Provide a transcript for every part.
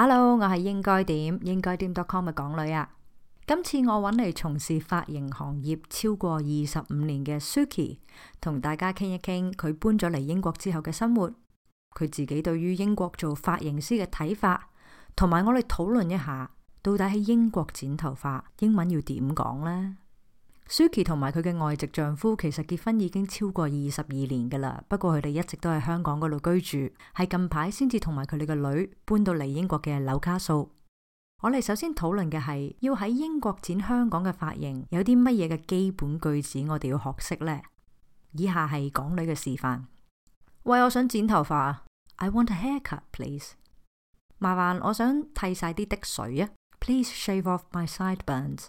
Hello，我係應該點應該點 .com 嘅港女啊，今次我揾嚟從事髮型行業超過二十五年嘅 Suki，同大家傾一傾佢搬咗嚟英國之後嘅生活，佢自己對於英國做髮型師嘅睇法，同埋我哋討論一下到底喺英國剪頭髮英文要點講呢？Suki 同埋佢嘅外籍丈夫，其實結婚已經超過二十二年噶啦。不過佢哋一直都喺香港嗰度居住，係近排先至同埋佢哋個女搬到嚟英國嘅紐卡素。我哋首先討論嘅係要喺英國剪香港嘅髮型，有啲乜嘢嘅基本句子我哋要學識呢？以下係港女嘅示範。喂，我想剪頭髮啊！I want a haircut, please。麻煩我想剃晒啲滴水啊！Please shave off my sideburns。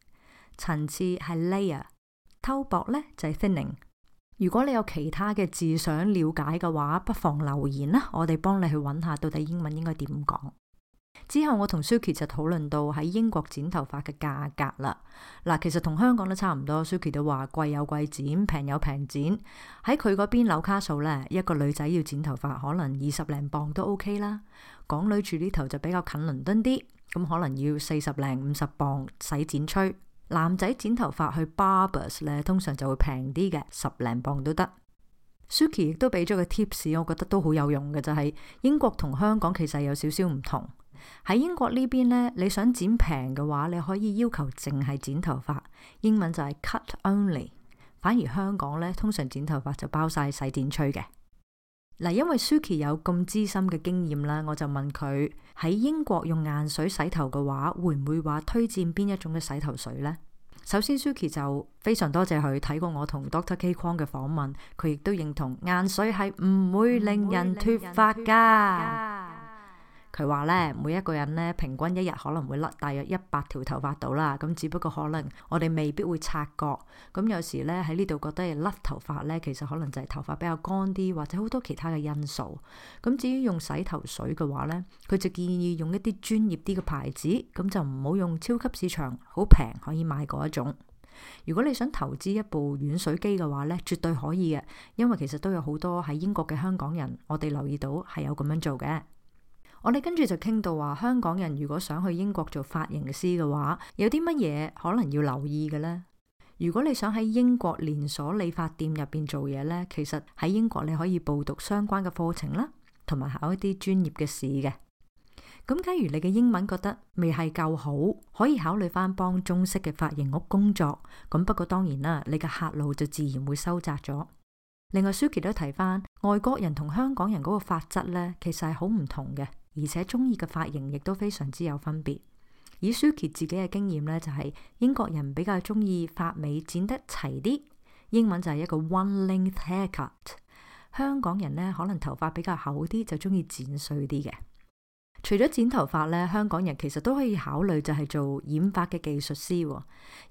層次係 layer，偷薄咧就係 thinning。如果你有其他嘅字想了解嘅話，不妨留言啦。我哋幫你去搵下到底英文應該點講。之後我同 Suki 就討論到喺英國剪頭髮嘅價格啦。嗱，其實同香港都差唔多。Suki 都話貴有貴剪，平有平剪。喺佢嗰邊紐卡素呢，一個女仔要剪頭髮可能二十零磅都 OK 啦。港女住呢頭就比較近倫敦啲，咁可能要四十零五十磅洗剪吹。男仔剪頭髮去 barbers 咧，通常就會平啲嘅，十零磅都得。Suki 亦都俾咗個 tips，我覺得都好有用嘅就係英國同香港其實有少少唔同。喺英國呢邊咧，你想剪平嘅話，你可以要求淨係剪頭髮，英文就係 cut only。反而香港咧，通常剪頭髮就包晒洗剪吹嘅。嗱，因為 Suki 有咁資深嘅經驗啦，我就問佢喺英國用硬水洗頭嘅話，會唔會話推薦邊一種嘅洗頭水呢？首先，Suki 就非常多謝佢睇過我同 Doctor Kwan 嘅訪問，佢亦都認同硬水係唔會令人脫髮㗎。佢話咧，每一個人咧，平均一日可能會甩大約一百條頭髮到啦。咁，只不過可能我哋未必會察覺。咁有時咧，喺呢度覺得係甩頭髮咧，其實可能就係頭髮比較乾啲，或者好多其他嘅因素。咁至於用洗頭水嘅話咧，佢就建議用一啲專業啲嘅牌子，咁就唔好用超級市場好平可以買嗰一種。如果你想投資一部軟水機嘅話咧，絕對可以嘅，因為其實都有好多喺英國嘅香港人，我哋留意到係有咁樣做嘅。我哋跟住就傾到話，香港人如果想去英國做髮型師嘅話，有啲乜嘢可能要留意嘅咧？如果你想喺英國連鎖理髮店入邊做嘢咧，其實喺英國你可以報讀相關嘅課程啦，同埋考一啲專業嘅試嘅。咁假如你嘅英文覺得未係夠好，可以考慮翻幫中式嘅髮型屋工作。咁不過當然啦，你嘅客路就自然會收窄咗。另外，Suki 都提翻外國人同香港人嗰個髮質咧，其實係好唔同嘅。而且中意嘅髮型亦都非常之有分別。以 Suki 自己嘅經驗咧，就係英國人比較中意髮尾剪得齊啲，英文就係一個 one length haircut。香港人咧，可能頭髮比較厚啲，就中意剪碎啲嘅。除咗剪頭髮咧，香港人其實都可以考慮就係做染髮嘅技術師，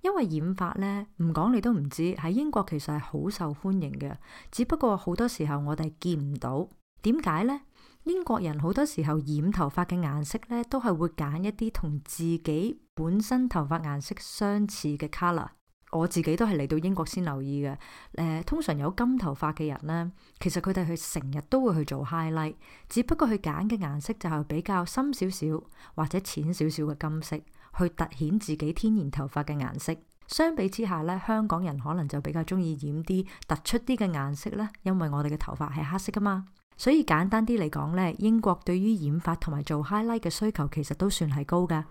因為染髮咧，唔講你都唔知喺英國其實係好受歡迎嘅，只不過好多時候我哋見唔到，點解咧？英國人好多時候染頭髮嘅顏色咧，都係會揀一啲同自己本身頭髮顏色相似嘅 color。我自己都係嚟到英國先留意嘅。誒、呃，通常有金頭髮嘅人咧，其實佢哋去成日都會去做 highlight，只不過佢揀嘅顏色就係比較深少少或者淺少少嘅金色，去突顯自己天然頭髮嘅顏色。相比之下咧，香港人可能就比較中意染啲突出啲嘅顏色啦，因為我哋嘅頭髮係黑色噶嘛。所以簡單啲嚟講咧，英國對於染髮同埋做 highlight 嘅需求其實都算係高㗎。